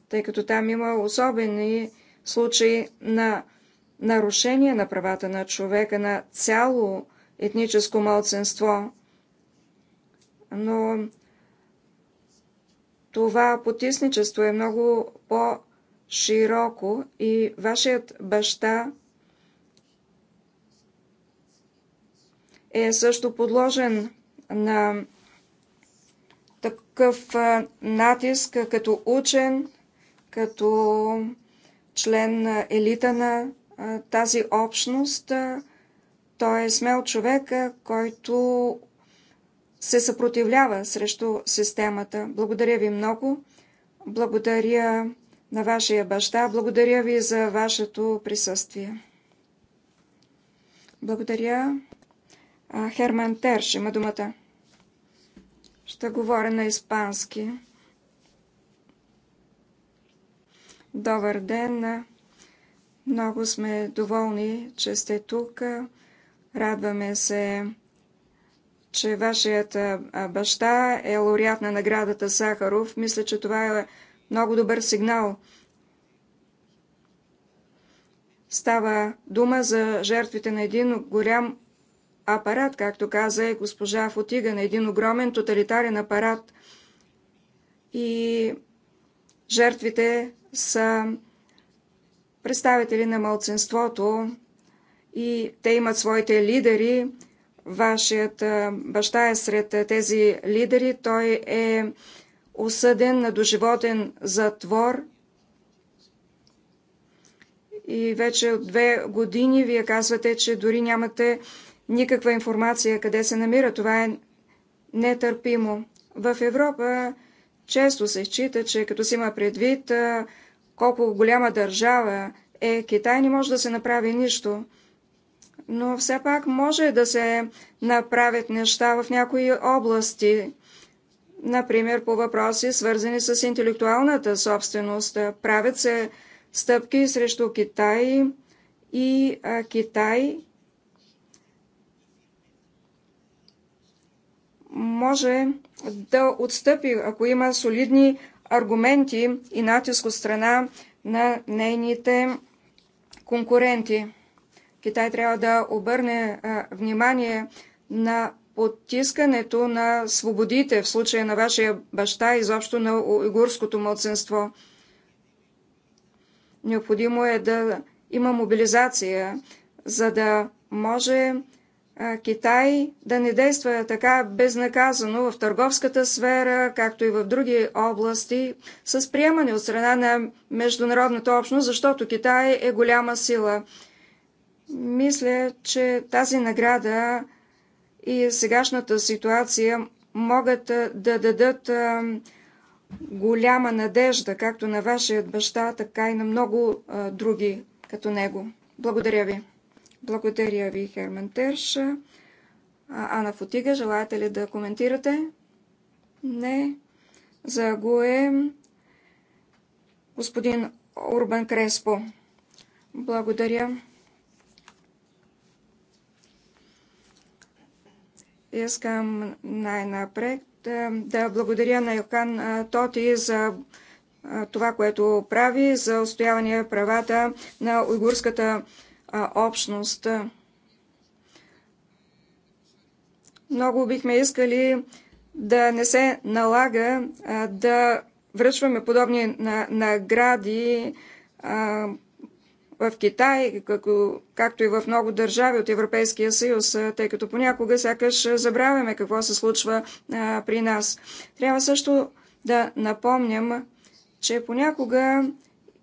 тъй като там има особени случаи на нарушение на правата на човека на цяло етническо малцинство. Но това потисничество е много по-широко и вашият баща е също подложен на такъв натиск като учен, като член на елита на тази общност. Той е смел човек, който се съпротивлява срещу системата. Благодаря ви много. Благодаря на вашия баща. Благодаря ви за вашето присъствие. Благодаря. Херман Терш има думата. Ще говоря на испански. Добър ден. Много сме доволни, че сте тук. Радваме се, че вашият баща е лауреат на наградата Сахаров. Мисля, че това е много добър сигнал. Става дума за жертвите на един голям апарат, както каза и госпожа Фотига, на един огромен тоталитарен апарат. И жертвите са представители на мълцинството и те имат своите лидери. Вашият баща е сред тези лидери. Той е осъден на доживотен затвор. И вече от две години вие казвате, че дори нямате никаква информация къде се намира. Това е нетърпимо. В Европа често се счита, че като си има предвид колко голяма държава е Китай, не може да се направи нищо. Но все пак може да се направят неща в някои области. Например, по въпроси, свързани с интелектуалната собственост. Правят се стъпки срещу Китай и а, Китай може да отстъпи, ако има солидни аргументи и натиск от страна на нейните конкуренти. Китай трябва да обърне внимание на потискането на свободите, в случая на вашия баща, изобщо на уйгурското младсенство. Необходимо е да има мобилизация, за да може Китай да не действа така безнаказано в търговската сфера, както и в други области, с приемане от страна на международната общност, защото Китай е голяма сила. Мисля, че тази награда и сегашната ситуация могат да дадат голяма надежда, както на вашия баща, така и на много други като него. Благодаря ви. Благодаря ви, Херман Терш. Ана Фотига, желаете ли да коментирате? Не. За Гуе господин Урбан Креспо. Благодаря. Искам най-напред да благодаря на Йохан Тоти за това, което прави за устояване правата на уйгурската а, общност. Много бихме искали да не се налага а, да връчваме подобни на, награди а, в Китай, како, както и в много държави от Европейския съюз, тъй като понякога сякаш забравяме какво се случва а, при нас. Трябва също да напомням, че понякога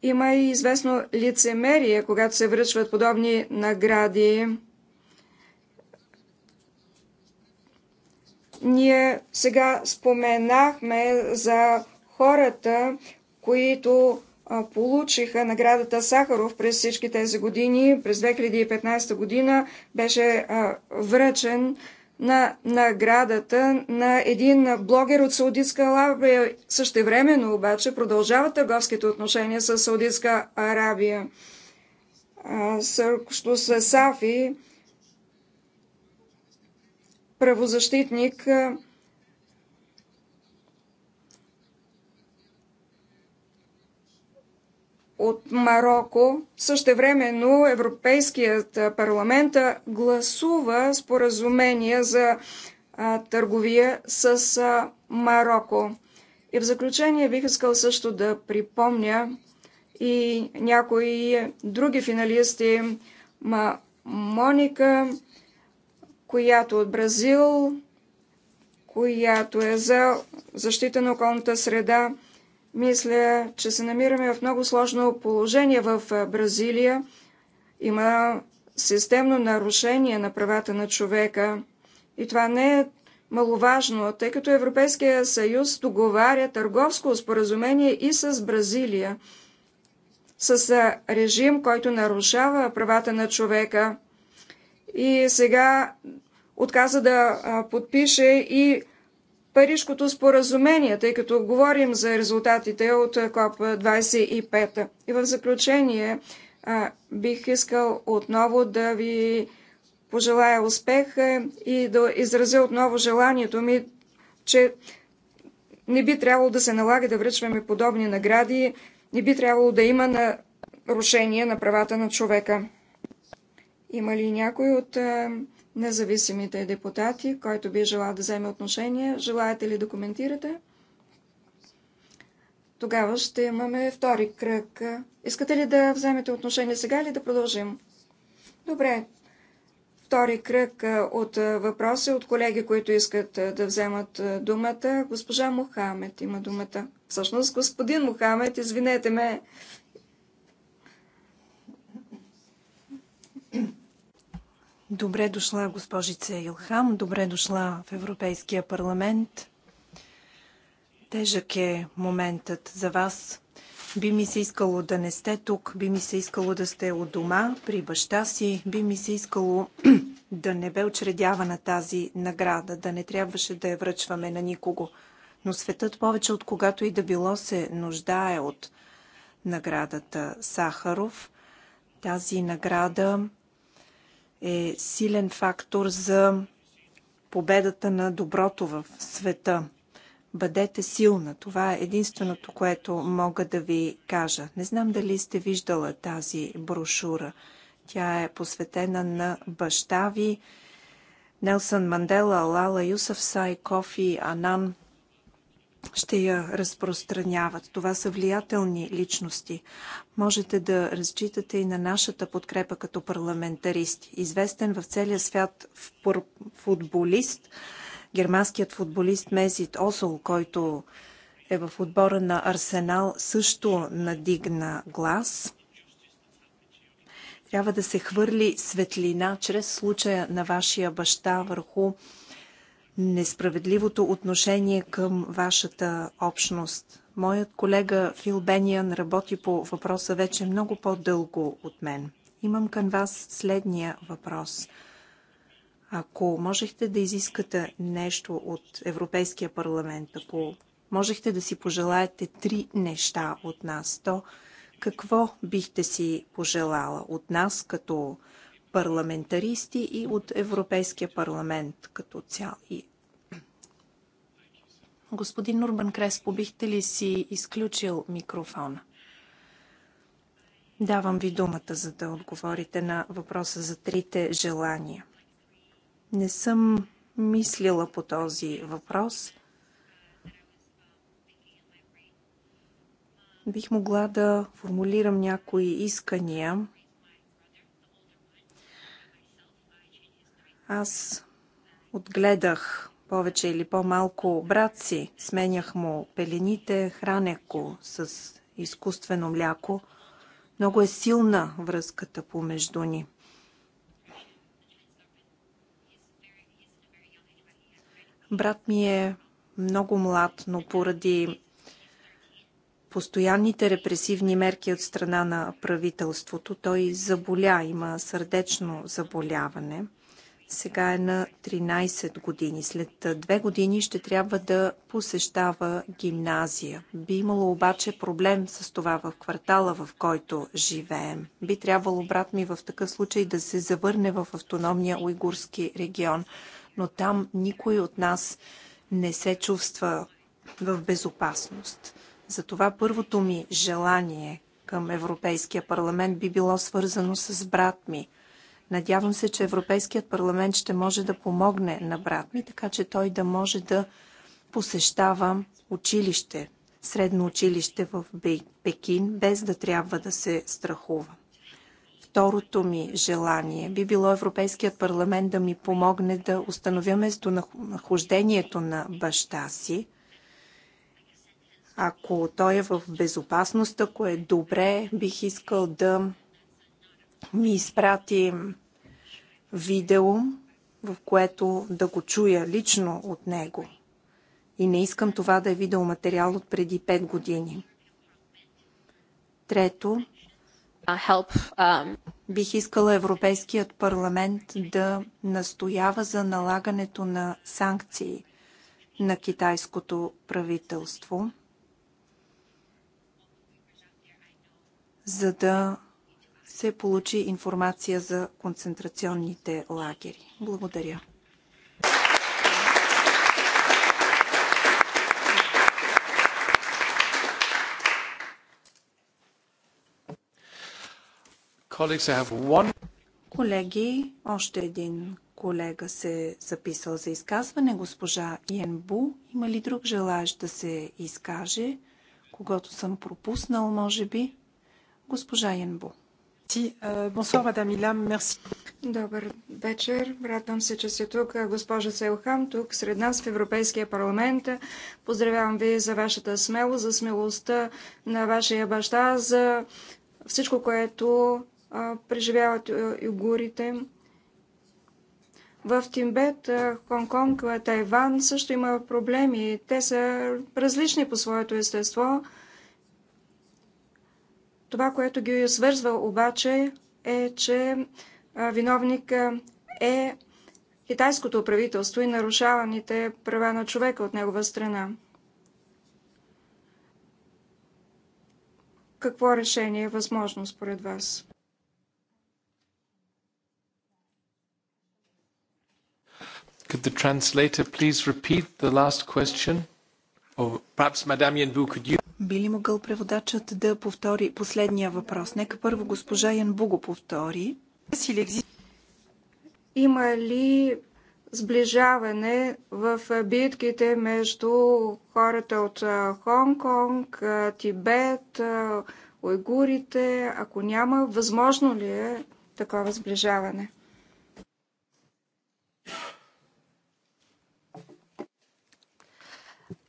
има и известно лицемерие, когато се връчват подобни награди. Ние сега споменахме за хората, които получиха наградата Сахаров през всички тези години. През 2015 година беше връчен на наградата на един блогер от Саудитска Арабия. Същевременно обаче продължава търговските отношения с Саудитска Арабия. Също с Сафи, правозащитник, от Марокко. Същевременно Европейският парламент гласува споразумение за търговия с Марокко. И в заключение бих искал също да припомня и някои други финалисти. Ма Моника, която от Бразил, която е за защита на околната среда, мисля, че се намираме в много сложно положение в Бразилия. Има системно нарушение на правата на човека. И това не е маловажно, тъй като Европейския съюз договаря търговско споразумение и с Бразилия, с режим, който нарушава правата на човека. И сега отказа да подпише и Парижкото споразумение, тъй като говорим за резултатите от КОП-25. И в заключение а, бих искал отново да ви пожелая успех и да изразя отново желанието ми, че не би трябвало да се налага да връчваме подобни награди, не би трябвало да има нарушение на правата на човека. Има ли някой от независимите депутати, който би желал да вземе отношение. Желаете ли да коментирате? Тогава ще имаме втори кръг. Искате ли да вземете отношение сега или да продължим? Добре. Втори кръг от въпроси от колеги, които искат да вземат думата. Госпожа Мохамед има думата. Всъщност, господин Мохамед, извинете ме, Добре дошла, госпожице Илхам. Добре дошла в Европейския парламент. Тежък е моментът за вас. Би ми се искало да не сте тук, би ми се искало да сте от дома при баща си, би ми се искало [CLEARS THROAT] да не бе учредявана тази награда, да не трябваше да я връчваме на никого. Но светът повече от когато и да било се нуждае от наградата Сахаров. Тази награда е силен фактор за победата на доброто в света. Бъдете силна. Това е единственото, което мога да ви кажа. Не знам дали сте виждала тази брошура. Тя е посветена на баща ви, Нелсън Мандела, Лала Юсъфсай, Кофи, Анан ще я разпространяват. Това са влиятелни личности. Можете да разчитате и на нашата подкрепа като парламентаристи. Известен в целия свят футболист, германският футболист Мезит Осол, който е в отбора на Арсенал, също надигна глас. Трябва да се хвърли светлина чрез случая на вашия баща върху несправедливото отношение към вашата общност. Моят колега Фил Бениан работи по въпроса вече много по-дълго от мен. Имам към вас следния въпрос. Ако можехте да изискате нещо от Европейския парламент, ако можехте да си пожелаете три неща от нас, то какво бихте си пожелала от нас като парламентаристи и от Европейския парламент като цял. И [CLEARS THROAT] Господин Урбан Креспо, бихте ли си изключил микрофона? Давам ви думата, за да отговорите на въпроса за трите желания. Не съм мислила по този въпрос. Бих могла да формулирам някои искания, Аз отгледах повече или по-малко брат си. Сменях му пелените, хранех го с изкуствено мляко. Много е силна връзката помежду ни. Брат ми е много млад, но поради постоянните репресивни мерки от страна на правителството, той заболя, има сърдечно заболяване – сега е на 13 години. След две години ще трябва да посещава гимназия. Би имало обаче проблем с това в квартала, в който живеем. Би трябвало брат ми в такъв случай да се завърне в автономния уйгурски регион, но там никой от нас не се чувства в безопасност. Затова първото ми желание към Европейския парламент би било свързано с брат ми – Надявам се, че Европейският парламент ще може да помогне на брат ми, така че той да може да посещава училище, средно училище в Пекин, без да трябва да се страхува. Второто ми желание би било Европейският парламент да ми помогне да установя местонахождението на баща си. Ако той е в безопасност, ако е добре, бих искал да ми изпрати видео, в което да го чуя лично от него. И не искам това да е видеоматериал от преди 5 години. Трето, uh, um, бих искала Европейският парламент да настоява за налагането на санкции на китайското правителство, за да се получи информация за концентрационните лагери. Благодаря. Колеги, още един колега се записал за изказване, госпожа Йенбу. Има ли друг желаящ да се изкаже, когато съм пропуснал, може би? Госпожа Йенбу. Добър вечер. Радвам се, че сте тук, госпожа Селхам, тук сред нас в Европейския парламент. Поздравявам ви за вашата смелост, за смелостта на вашия баща, за всичко, което преживяват югурите. В Тимбет, Хонг-Конг, Тайван също има проблеми. Те са различни по своето естество. Това, което ги свързва обаче е, че виновник е китайското правителство и нарушаваните права на човека от негова страна. Какво решение е възможно според вас? Could the translator please repeat the last question? Би ли могъл преводачът да повтори последния въпрос? Нека първо госпожа Янбу го повтори. Има ли сближаване в битките между хората от Хонг-Конг, Тибет, уйгурите? Ако няма, възможно ли е такова сближаване?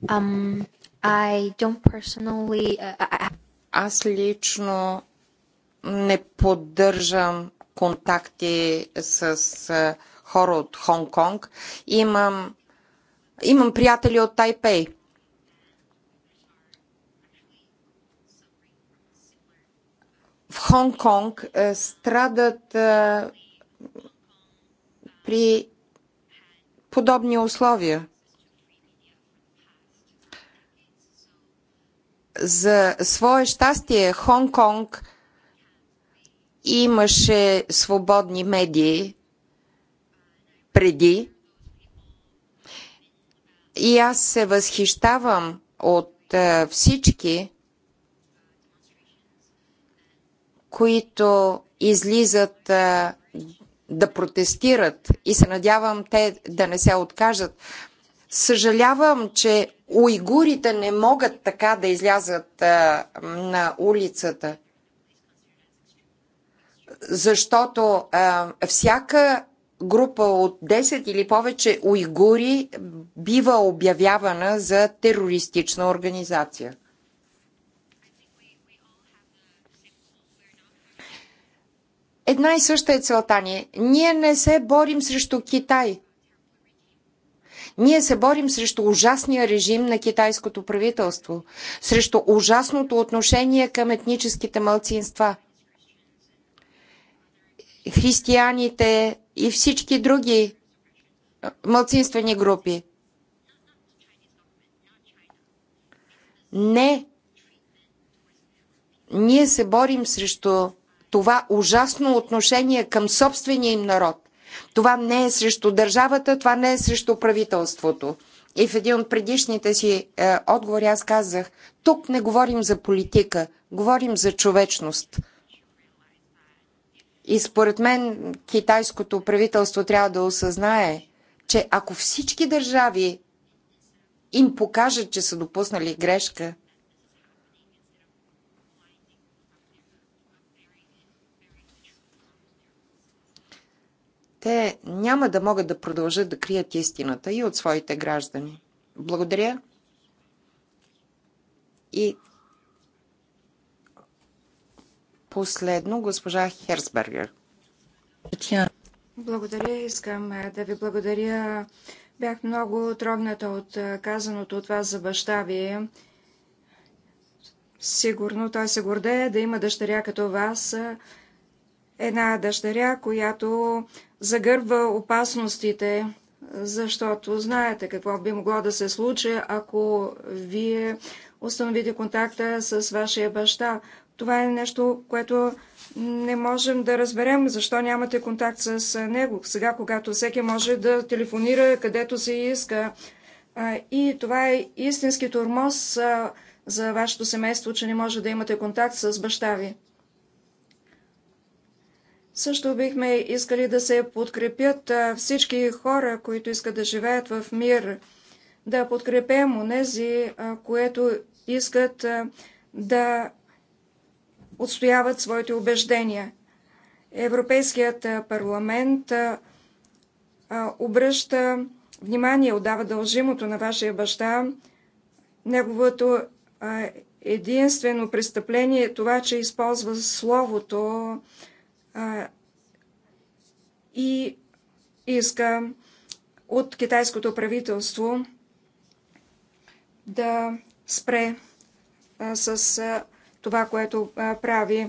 Um, I don't personally... I... Аз лично не поддържам контакти с хора от Хонг-Конг. Имам, имам приятели от Тайпей. в Хонг-Конг страдат а, при подобни условия. За свое щастие, Хонг-Конг имаше свободни медии преди. И аз се възхищавам от е, всички, които излизат е, да протестират и се надявам те да не се откажат. Съжалявам, че уйгурите не могат така да излязат а, на улицата, защото а, всяка група от 10 или повече уйгури бива обявявана за терористична организация. Една и съща е целта ни. Ние не се борим срещу Китай. Ние се борим срещу ужасния режим на китайското правителство, срещу ужасното отношение към етническите мълцинства. Християните и всички други мълцинствени групи. Не. Ние се борим срещу това ужасно отношение към собствения им народ. Това не е срещу държавата, това не е срещу правителството. И в един от предишните си е, отговори аз казах, тук не говорим за политика, говорим за човечност. И според мен китайското правителство трябва да осъзнае, че ако всички държави им покажат, че са допуснали грешка, те няма да могат да продължат да крият истината и от своите граждани. Благодаря. И последно госпожа Херсбергер. Благодаря. Искам е, да ви благодаря. Бях много трогната от е, казаното от вас за баща ви. Сигурно той се гордее да има дъщеря като вас една дъщеря, която загърбва опасностите, защото знаете какво би могло да се случи, ако вие установите контакта с вашия баща. Това е нещо, което не можем да разберем защо нямате контакт с него. Сега, когато всеки може да телефонира където се иска. И това е истински тормоз за вашето семейство, че не може да имате контакт с баща ви. Също бихме искали да се подкрепят всички хора, които искат да живеят в мир, да подкрепем онези, които искат да отстояват своите убеждения. Европейският парламент обръща внимание, отдава дължимото на вашия баща, неговото единствено престъпление е това, че използва словото, и иска от китайското правителство да спре с това, което прави.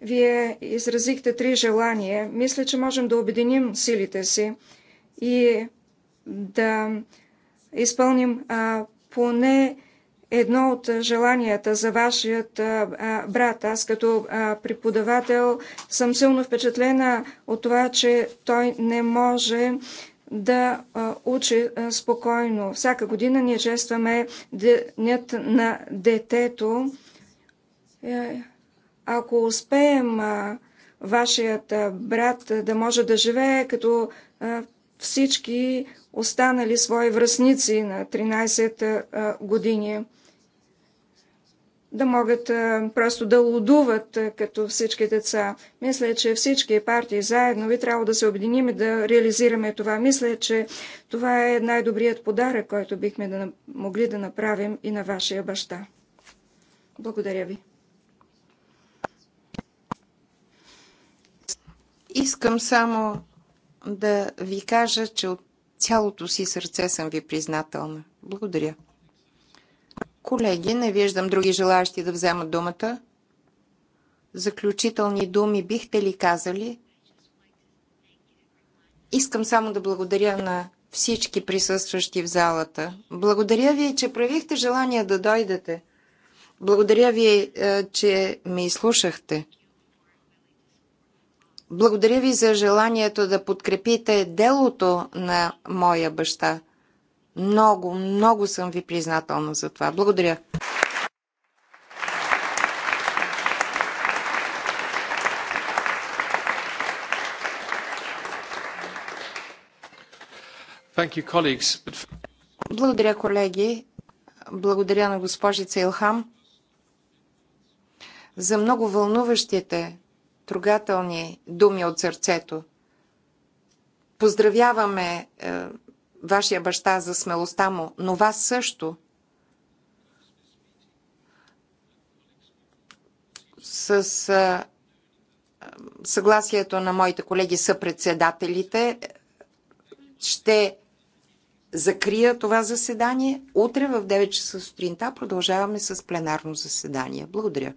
Вие изразихте три желания. Мисля, че можем да обединим силите си и да изпълним поне едно от желанията за вашият брат. Аз като преподавател съм силно впечатлена от това, че той не може да учи спокойно. Всяка година ние честваме Денят на детето. Е, ако успеем вашият брат да може да живее като всички останали свои връзници на 13 години да могат просто да лудуват като всички деца. Мисля, че всички партии заедно ви трябва да се объединим и да реализираме това. Мисля, че това е най-добрият подарък, който бихме да, могли да направим и на вашия баща. Благодаря ви. Искам само да ви кажа, че от цялото си сърце съм ви признателна. Благодаря. Колеги, не виждам други желаящи да вземат думата. Заключителни думи бихте ли казали? Искам само да благодаря на всички присъстващи в залата. Благодаря ви, че проявихте желание да дойдете. Благодаря ви, е, че ме изслушахте. Благодаря ви за желанието да подкрепите делото на моя баща. Много, много съм ви признателна за това. Благодаря. Благодаря, колеги. Благодаря на госпожица Илхам за много вълнуващите, трогателни думи от сърцето. Поздравяваме е, вашия баща за смелостта му, но вас също. С а, съгласието на моите колеги съпредседателите ще закрия това заседание. Утре в 9 часа сутринта продължаваме с пленарно заседание. Благодаря.